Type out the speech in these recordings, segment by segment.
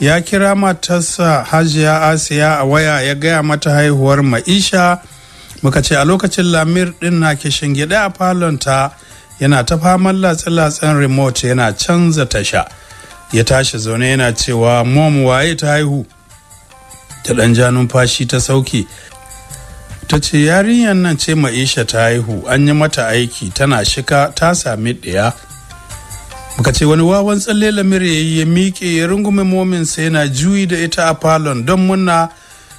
ya kira matarsa hajiya asiya a waya ya gaya mata haihuwar ma'isha muka ce a lokacin lamir din na kishin gida a falonta yana ta faman latsa latsin remote yana canza tasha ya tashi zaune yana cewa mom waye ta haihu ta dan ja numfashi ta sauki ta ce yarinyar nan ce ma'isha ta haihu an yi mata aiki tana shika ta sami ɗaya muka ce wani wawan tsalle lamir ya yi ya miƙe ya rungume mominsa yana juyi da ita a falon don muna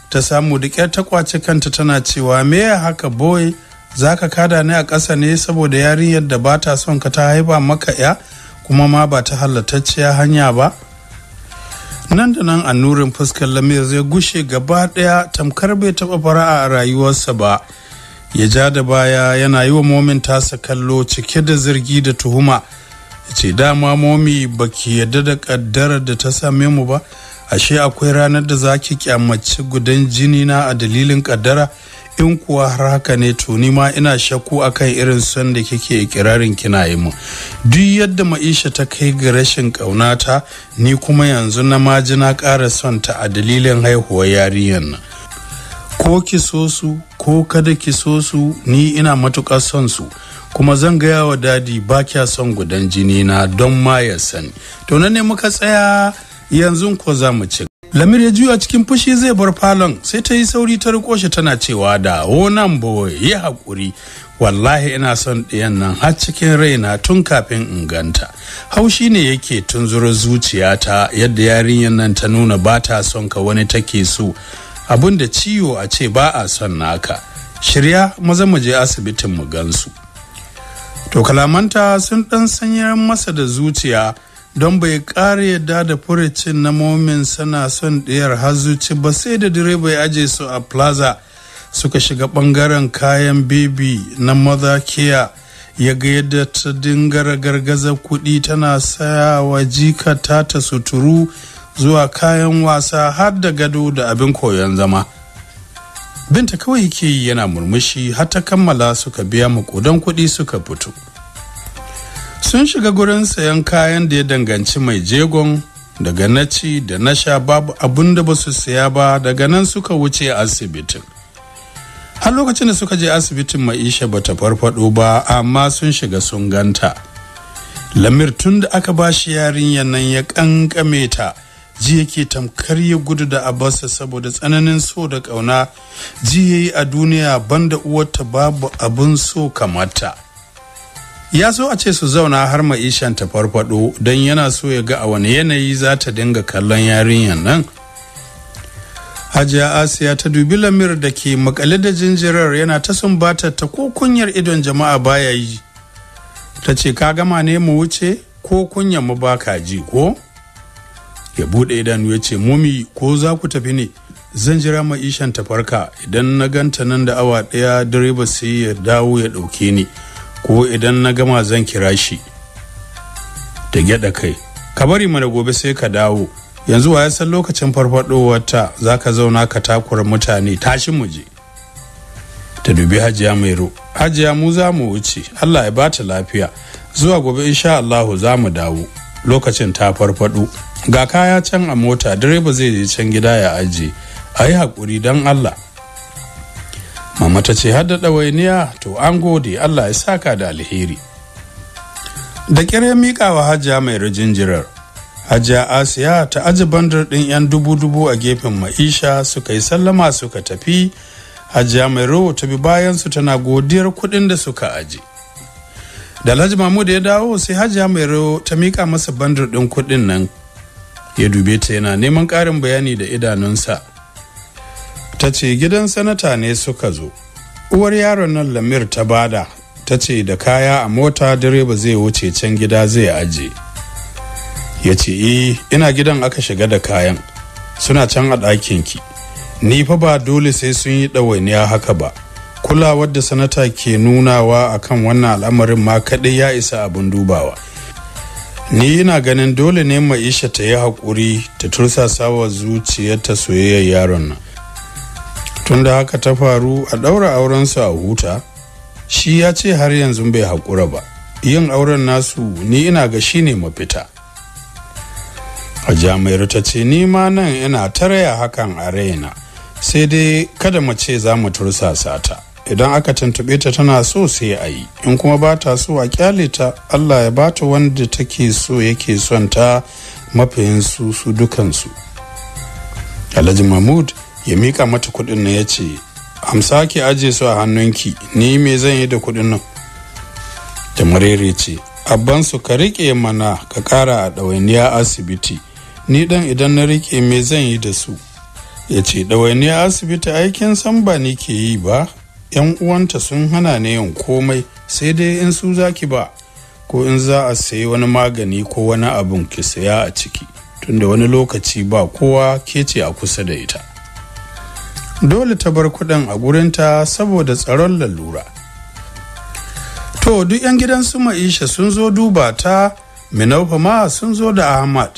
ta samu da ƙyar ta kwace kanta tana cewa me ya haka boy za ka kada ne a ƙasa ne saboda yarinyar da ba ta son ka ta haifa maka ya kuma ma ba ta hallatacciya hanya ba nan da nan annurin fuskar lamir zai gushe gaba ɗaya tamkar bai taɓa fara'a a rayuwarsa ba ya ja da baya yana yi wa momin tasa kallo cike da zargi da tuhuma ce dama momi baki yadda da kaddarar da ta same mu ba ashe akwai ranar da zaki kyamaci gudan jini na a dalilin kaddara in kuwa har haka ne to ni ma ina shakku akan irin son da kike ikirarin kina yi mu duk yadda maisha ta kai ga rashin kaunata ni kuma yanzu na maji na ƙara son ta a dalilin haihuwar yarinyar nan ko ki so su ko kada ki so su ni ina matuƙar son su kuma zan gaya wa dadi ba kya son gudan jini na don ma ya sani to nan ne muka tsaya yanzu ko za mu ci lamir ya juya cikin fushi zai bar falon sai ta yi sauri ta riko shi tana cewa da wonan boy yi hakuri. wallahi ina son ɗiyan nan har cikin raina tun kafin in ganta haushi ne yake zuciya zuciyata yadda yarinyar nan ta nuna ba ta son ka wani take so abin da ciwo a ce ba a son naka shirya maza mu je asibitin mu gansu to kalamanta sun ɗan sanyar masa da zuciya don bai ƙara yadda da furicin na momin sana son ɗiyar har zuci ba sai da direba ya aje su a plaza suka shiga ɓangaren kayan bebi na maza kiya ya ga yadda ta dinga gargaza kuɗi tana sayawa jika ta suturu zuwa kayan wasa har da gado da abin koyon zama binta kawai yake yi yana murmushi har ta kammala suka biya mu makudan kuɗi suka fito sun shiga gurin sayan kayan da ya danganci mai jegon daga na ci da na sha babu abun da ba su saya ba daga nan suka wuce asibitin har lokacin da suka je asibitin maisha bata farfado ba amma sun shiga sun ganta lamir tun da aka ba shi yarinyar nan ya kankame ta ji yake tamkar ya gudu da abarsa saboda tsananin so da ƙauna ji ya yi a duniya banda uwarta babu abin so kamata ya so a ce su zauna har ma'ishan ta farfado don yana so ya ga a wani yanayi za ta dinga kallon yarinyar nan hajiya asiya ta dubi lamir da ke makale da jinjirar yana ta sumbata ta ko kunyar idon jama'a baya yi ta ce ka gama ne mu wuce ko kunyar mu baka ji ko ya buɗe idanu ya ce mumi ko za ku tafi ne zan jira ma'ishan ta farka idan na ganta nan da awa ɗaya direba sai ya dawo ya ɗauke ni ko idan na gama zan kira shi da gyada kai ka bari mana gobe sai ka dawo yanzu wa san lokacin farfadowarta za ka zauna ka takura mutane tashin mu je ta dubi hajiya mai ro hajiya mu za mu wuce allah ya bata lafiya zuwa gobe insha allahu za mu dawo lokacin ta farfado ga kaya can a mota direba zai je can gida ya aje a yi haƙuri don allah mama ta ce har da ɗawainiya to an gode allah ya saka da alheri da ƙyar ya miƙa wa hajiya mai rajinjirar hajiya asiya ta aji bandar ɗin 'yan dubu-dubu a gefen maisha suka yi sallama suka tafi hajiya mai rowo ta bi bayansu tana godiyar kuɗin da suka aji da alhaji mahmud ya dawo sai hajiya mai rowo ta miƙa masa bandar ɗin kuɗin nan ya dube ta yana neman ƙarin bayani da idanunsa ta ce gidan sanata ne suka zo uwar yaron nan lamir ta bada ta ce da kaya a mota direba zai wuce can gida zai aje ya ce eh ina gidan aka shiga da kayan suna can a ɗakin ki." ni fa ba dole sai sun yi ɗawainiya haka ba kulawar da sanata ke nunawa akan wannan al'amarin ma kaɗai ya isa abin dubawa ni ina ganin dole ne maisha ta yi haƙuri ta tursasa wa zuciyarta soyayyar yaron nan tunda haka ta faru a ɗaura aurensu a huta shi ya ce har yanzu bai haƙura ba yin auren nasu ni ina ga shi ne mafita a jami'ar ta ce ni ma nan ina taraya hakan a raina sai dai kada mace za mu tursasa ta idan aka tuntube ta tana so sai a yi in kuma ba ta so a kyale ta allah ya ba ta wanda take so yake son ta mafiyin su su dukansu alhaji mahmud ya mika mata kudin na ya ce amsa ki aje su a hannunki ni me zan yi da kudin nan jamarere ce abban su ka rike mana ka kara a ɗawainiya asibiti ni dan idan na rike me zan yi da su ya ce ɗawainiya asibiti aikin san ba ke yi ba 'yan uwanta sun hana ni yin komai sai dai in su zaki ba ko in za a sayi wani magani ko wani abun ki saya a ciki tunda wani lokaci ba kowa ke ce a kusa da ita dole ta bar kuɗin a gurinta saboda tsaron lalura to duk 'yan gidan su ma'isha sun zo duba ta minaufa ma sun zo da ahmad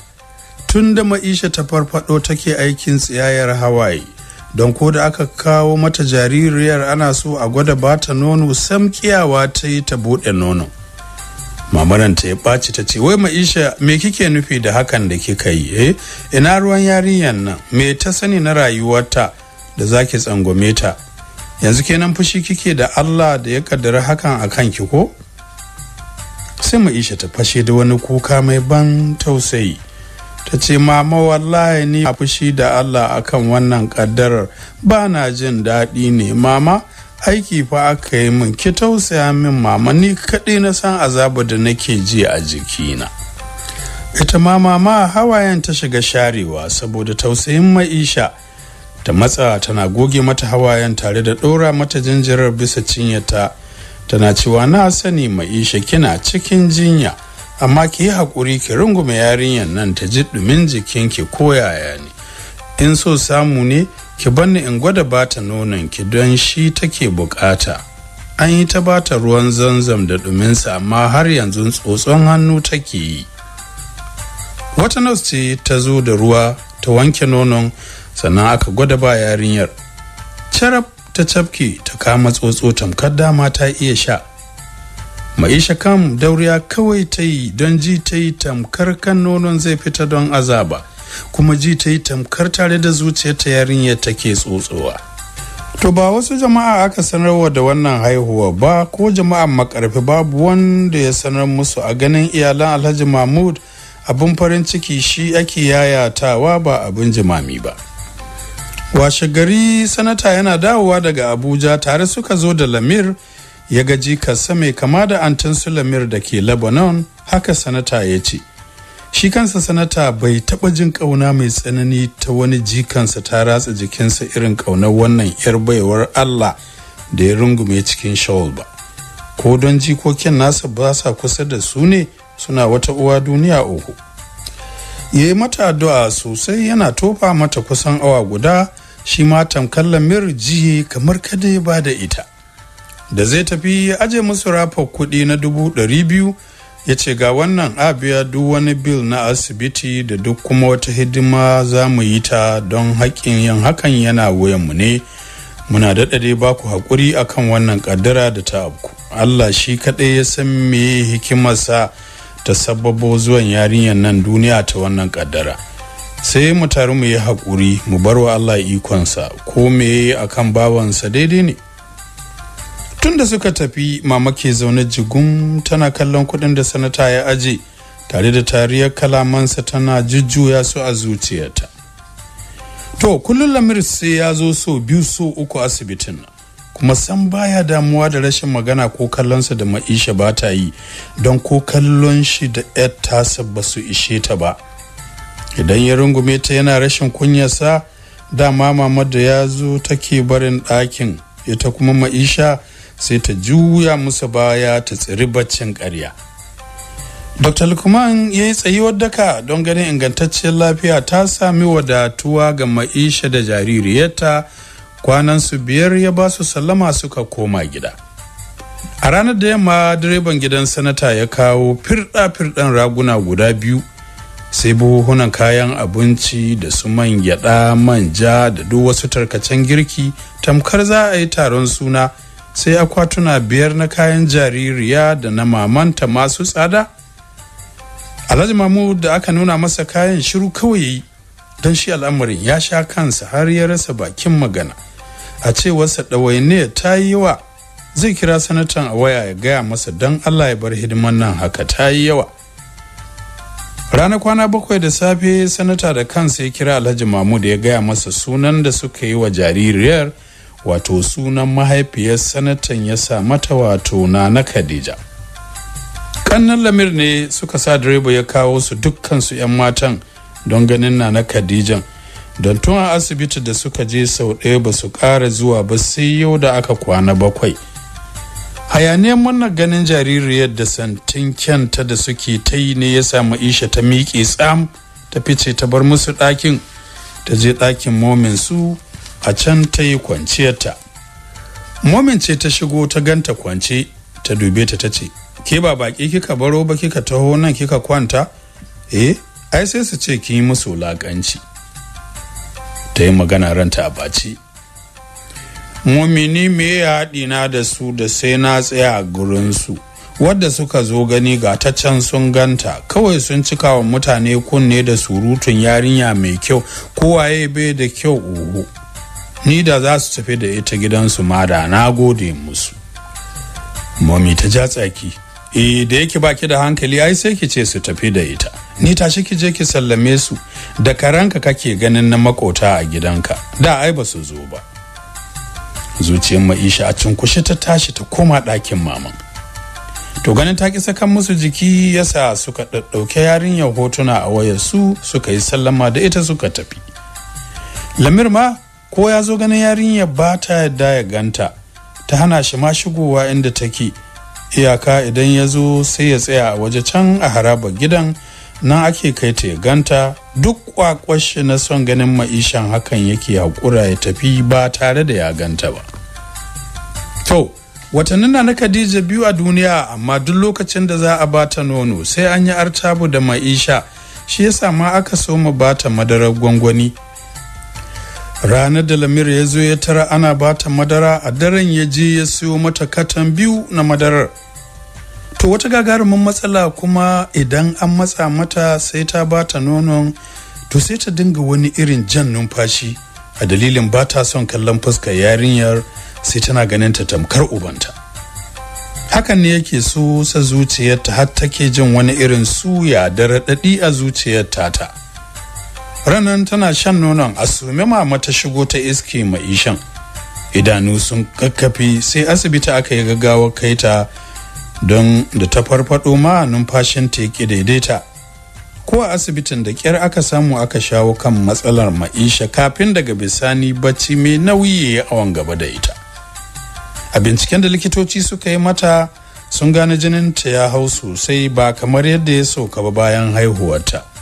tun da ma'isha ta farfado take aikin tsiyayar hawaye don ko da aka kawo mata jaririyar ana so a gwada bata nono samkiyawa ta yi ta buɗe nono mamaran ta ya ɓaci ta ce wai ma'isha me kike nufi da hakan da kika yi eh ina ruwan yarinyar nan me ta sani na rayuwarta da zaki tsangwame ta yanzu kenan fushi kike da Allah da ya kaddara hakan a kanki ko sai ma'isha ta fashe da wani kuka mai ban tausayi ta ce mama wallahi ni a fushi da Allah akan wannan kaddarar ba na jin daɗi ne mama aiki fa aka yi min ki tausaya min mama ni kaɗai na san azaba da nake ji a jikina ita ma mama hawayen ta shiga sharewa saboda tausayin ma'isha ta matsa tana goge mata hawayen tare da ɗora mata jinjirar bisa cinyata tana cewa na sani ma'isha kina cikin jinya amma ki yi haƙuri ki rungume yarinyar nan ta ji ɗumin jikin ki yaya ne in so samu ne ki banni in gwada bata nonon ki don shi take bukata an yi ta bata ruwan zanzam da ɗuminsa amma har yanzu tsotson hannu take yi wata nas ce ta zo da ruwa ta wanke nonon sannan aka gwada ba yarinyar carab ta cafke ta kama tsotso tamkar dama ta iya sha ma'isha kam dauriya kawai ta yi don ji ta yi tamkar kan nonon zai fita don azaba kuma ji ta yi tamkar tare da zuciyarta yarinyar take tsotsowa to ba wasu jama'a aka sanarwa da wannan haihuwa ba ko jama'an makarfi babu wanda ya sanar musu a ganin iyalan alhaji mahmud abin farin ciki shi ake yayatawa ba abin jimami ba washe gari sanata yana dawowa daga abuja tare suka zo da lamir ya gaji kasa mai kama da antin sulamir da ke lebanon haka sanata ya ce shi kansa sanata bai taɓa jin kauna mai tsanani ta wani jikansa ta ratsa jikinsa irin ƙaunar wannan 'yar baiwar allah da ya rungume cikin shawul ba ko don jikokin nasa ba sa kusa da su ne suna wata uwa duniya uku ya yi mata addu'a sosai yana tofa mata kusan awa guda shi ma tamkar lamir jiye kamar kada ya ba da ita da zai tafi ya aje musu rafa kuɗi na dubu dari biyu ya ce ga wannan a duk wani bil na asibiti da duk kuma wata hidima za mu yi ta don haƙƙin yin hakan yana mu ne muna daɗaɗe ba ku haƙuri akan wannan ƙaddara da ta abu allah shi kaɗai ya san me hikimarsa ta sababo zuwan yarinyar nan duniya ta wannan ƙaddara sai mu taru mu yi haƙuri mu bar wa allah ikonsa ko me akan bawansa daidai ne tun da suka tafi mama ke zaune jigun tana kallon kudin da sanata ya aje tare da tariyar kalamansa tana jujjuya su a zuciyarta to kullum lamir sai ya zo so biyu so uku asibitin nan kuma san baya damuwa da rashin magana ko kallonsa da ma'isha ba ta yi don ko kallon shi da yar tasa ba su ishe ta ba idan ya rungume ta yana rashin kunyarsa dama mama da ya zo take barin ɗakin ita kuma ma'isha sai ta juya musu baya ta tsiri baccin karya. dr lukman ya yi tsayuwar daka don ganin ingantacciyar lafiya ta sami wadatuwa ga ma'isha da jaririyarta kwanan su biyar ya ba su sallama suka koma gida a ranar da yamma direban gidan sanata ya kawo firɗa-firɗan raguna guda biyu sai buhunan kayan abinci da su man gyaɗa manja da duk wasu tarkacen girki tamkar za a yi taron suna sai akwatuna biyar na kayan jaririya da na mamanta masu tsada alhaji mamu da aka nuna masa kayan shiru kawai yi don shi al'amarin ya sha kansa har ya rasa bakin magana a cewarsa ɗawainiya ta yi yawa zai kira sanatan a waya ya gaya masa don allah ya bar hidiman nan haka ta yi yawa ranar kwana bakwai da safe sanata da kansa ya kira alhaji mamu da ya gaya masa sunan da suka yi wa jaririyar wato sunan mahaifiyar sanatan ya sa mata wato na na khadija kannan lamir ne suka sa direba ya kawo su dukkansu 'yan matan don ganin na na khadijan don tun a asibiti da suka je sau ɗaya ba su ƙara zuwa ba sai yau da aka kwana bakwai hayaniyar wannan ganin jaririyar da santin kyanta da suke ta yi ne ya samu isha ta miƙe tsam ta fice ta bar musu ɗakin ta je ɗakin momin su a can ta yi kwanciyarta momin ce ta shigo ta ganta kwance ta dube ta ta ce ke ba baki kika baro ba kika taho nan kika kwanta eh ai sai su ce ki yi musu wulaƙanci ta yi magana ranta a baci mumini me ya haɗi na da su da sai na tsaya a gurinsu wadda suka zo gani ga ta can sun ganta kawai sun cika wa mutane kunne da surutun yarinya mai kyau kowaye bai da kyau uhu ni da za su tafi da ita gidansu ma da na gode musu mami ta ja tsaki e da yake baki da hankali ai sai ki ce su tafi da ita ni tashi ki je ki sallame su da karanka kake ganin na makota a gidanka da ai ba su zo ba zuciyar maisha a cinkushe ta tashi ta koma ɗakin maman to ganin ta ki sakan musu jiki yasa suka ɗauke yarinyar hotuna a wayar su suka yi sallama da ita suka tafi lamir ma ko ya zo ganin yarinya ba ta yadda ya ganta ta hana shi ma shigowa inda take iyaka idan ya zo sai ya tsaya a waje can a harabar gidan nan ake kai ta ya ganta duk kwakwashi na son ganin ma'ishan hakan yake haƙura ya tafi ba tare da ya ganta ba to watannin na khadija biyu a duniya amma duk lokacin da za a bata nono sai an yi artabu da ma'isha shi yasa ma aka so mu bata madarar gwangwani ranar da lamir ya zo ya tara ana bata madara a daren ya je ya siyo mata katon biyu na madarar to wata gagarumin matsala kuma idan an matsa mata sai ta bata nonon to sai ta dinga wani irin jan numfashi a dalilin ba ta son kallon fuskar yarinyar sai tana ganin ta tamkar ubanta hakan ne yake so sa zuciyarta har take jin wani irin suya da raɗaɗi a zuciyarta ta ranan tana shan nonon sume mama mata shigo ta iske maishan idanu sun kakkafi sai asibiti aka yi gaggawar kai ta don da ta farfado ma numfashin ta yake daidaita ko a asibitin da kyar aka samu aka shawo kan matsalar maisha kafin daga bisani bacci mai nauyi ya yi awon gaba da ita a binciken da likitoci suka yi mata sun gane jinin ta ya hau sosai ba kamar yadda ya sauka ba bayan haihuwarta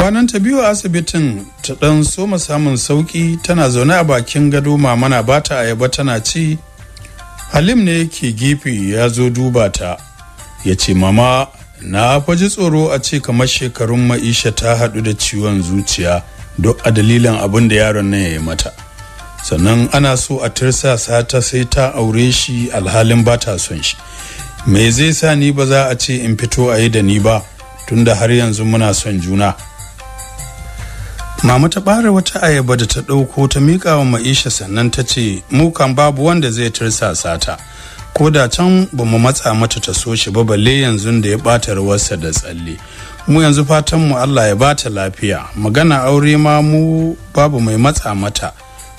kwanan ta biyu a asibitin ta dan soma samun sauki tana zaune a bakin gado mamana ba ta ayaba tana ci halim ne yake gefe ya zo duba ta ya ce mama na faji tsoro a ce kamar shekarun ma'isha ta hadu da ciwon zuciya duk a dalilin abin da yaron nan ya yi mata sannan ana so a tirsasa ta sai ta aure shi alhalin ba ta son shi me zai sa ni ba za a ce in fito a yi da ni ba tunda har yanzu muna son juna mama ta ɓare wata ayaba da ta ɗauko ta miƙa wa ma'isha sannan ta ce kan babu wanda zai tirsasa ta ko da can ba mu matsa mata ta so shi ba balle yanzu da ya bata rawarsa da tsalle mu yanzu fatan mu Allah ya bata lafiya magana aure ma mu babu mai matsa mata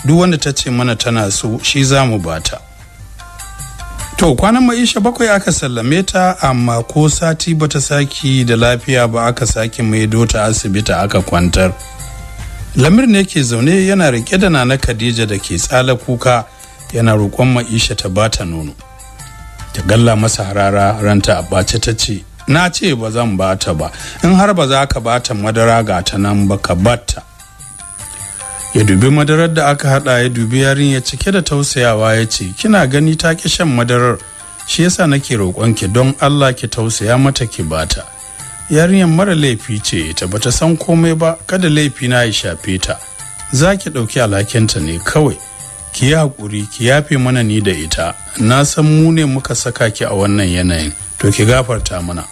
duk wanda ta ce mana tana so shi za mu bata to kwanan ma'isha bakwai aka sallame ta amma ko sati bata saki da lafiya ba aka sake maido ta asibiti aka kwantar lamir ne ke zaune yana rike da nana khadija da ke tsala kuka yana roƙon ma'isha ta bata nono ta galla masa harara ranta a bace ta ce na ce ba zan bata ba in har ba za ka bata madara ga ta nan ba ka bata ya dubi madarar da aka hada ya dubi yarinya cike da tausayawa ya ce kina gani ta ki shan madarar shi yasa nake roƙonki don allah ki tausaya mata ki bata yarinyar mara laifi ce ta bata san komai ba kada laifi na ya shafe ta za ki ɗauki alhakinta ne kawai ki yi haƙuri ki yafe mana ni da ita na san mu ne muka saka ki a wannan yanayin to ki gafarta mana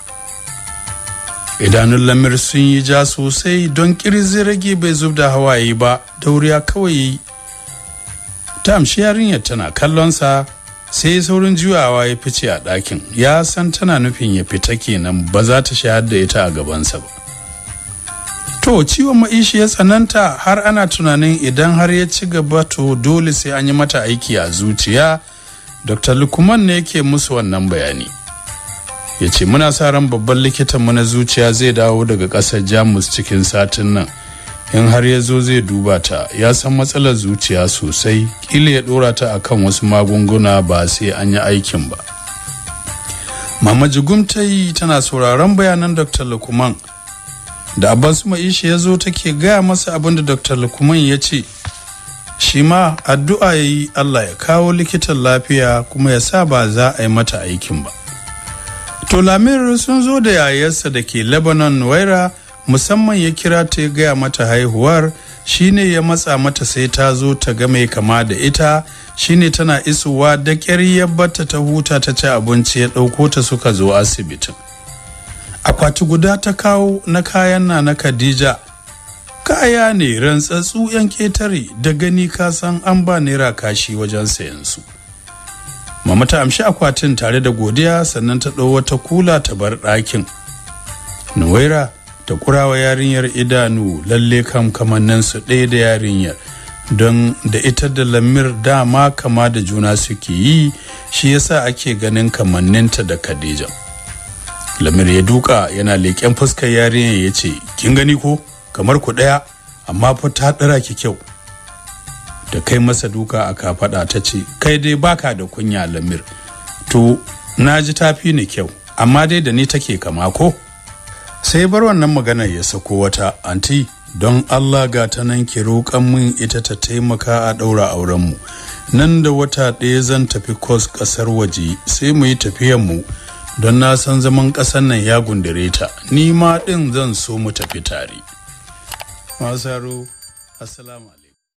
idanun lamir sun yi ja sosai don kirzi rage bai zub da hawaye ba dauriya kawai ta amshi yarinyar tana kallonsa sai saurin juyawa ya fice a ɗakin ya san tana nufin ya fita kenan ba za ta shahar da ita a gabansa ba to ciwon ma'ishi ya tsananta har ana tunanin idan har ya ci gaba to dole sai an yi mata aiki a zuciya dr lukman ne yake musu wannan bayani ya ce muna sa ran babban likitanmu na zuciya zai dawo daga ƙasar jamus cikin satin nan in har ya zo zai duba ta ya san matsalar zuciya sosai kila ya dora ta akan wasu magunguna ba sai an yi aikin ba mama jigumtai tana sauraron bayanan dr lukman da abbasu maisha ya zo take gaya masa abin da dr lukman ya ce shi ma addu'a ya yi allah ya kawo likitan lafiya kuma ya sa ba za a yi mata aikin ba to lamir sun zo da yayarsa da ke lebanon waira musamman ya kira ta ya gaya mata haihuwar shine ya matsa mata sai ta zo ta ga mai kama da ita shine tana isuwa da ƙyar ya bata ta huta ta ci abinci ya ɗauko ta suka zo asibitin akwati guda ta kawo na kayan na na khadija kaya ne rantsatsu yan ketare da gani ka san an ba naira kashi wajen sayan su mama ta amshi akwatin tare da godiya sannan ta ɗau wata kula ta bar ɗakin nuwaira ta kurawa yarinyar idanu lalle kam kamanninsu ɗaya da yarinyar don da ita da lamir dama kama da juna suke yi shi yasa ake ganin kamanninta da khadija lamir ya duka yana leƙen fuskar yarinyar ya ce kin gani ko kamar ku ɗaya amma fa ta ɗara ki kyau da kai masa duka a kafaɗa ta ce kai dai baka da kunya lamir to na ji tafi ni kyau amma dai da ni take kama ko sai bar wannan maganar ya sako wata anti don allah ga ta nan ki roƙan min ita ta taimaka a ɗaura aurenmu nan da wata ɗaya zan tafi kos ƙasar waje sai mu yi tafiyanmu don na san zaman ƙasar nan ya gundare ta ni ma ɗin zan so mu tafi tare.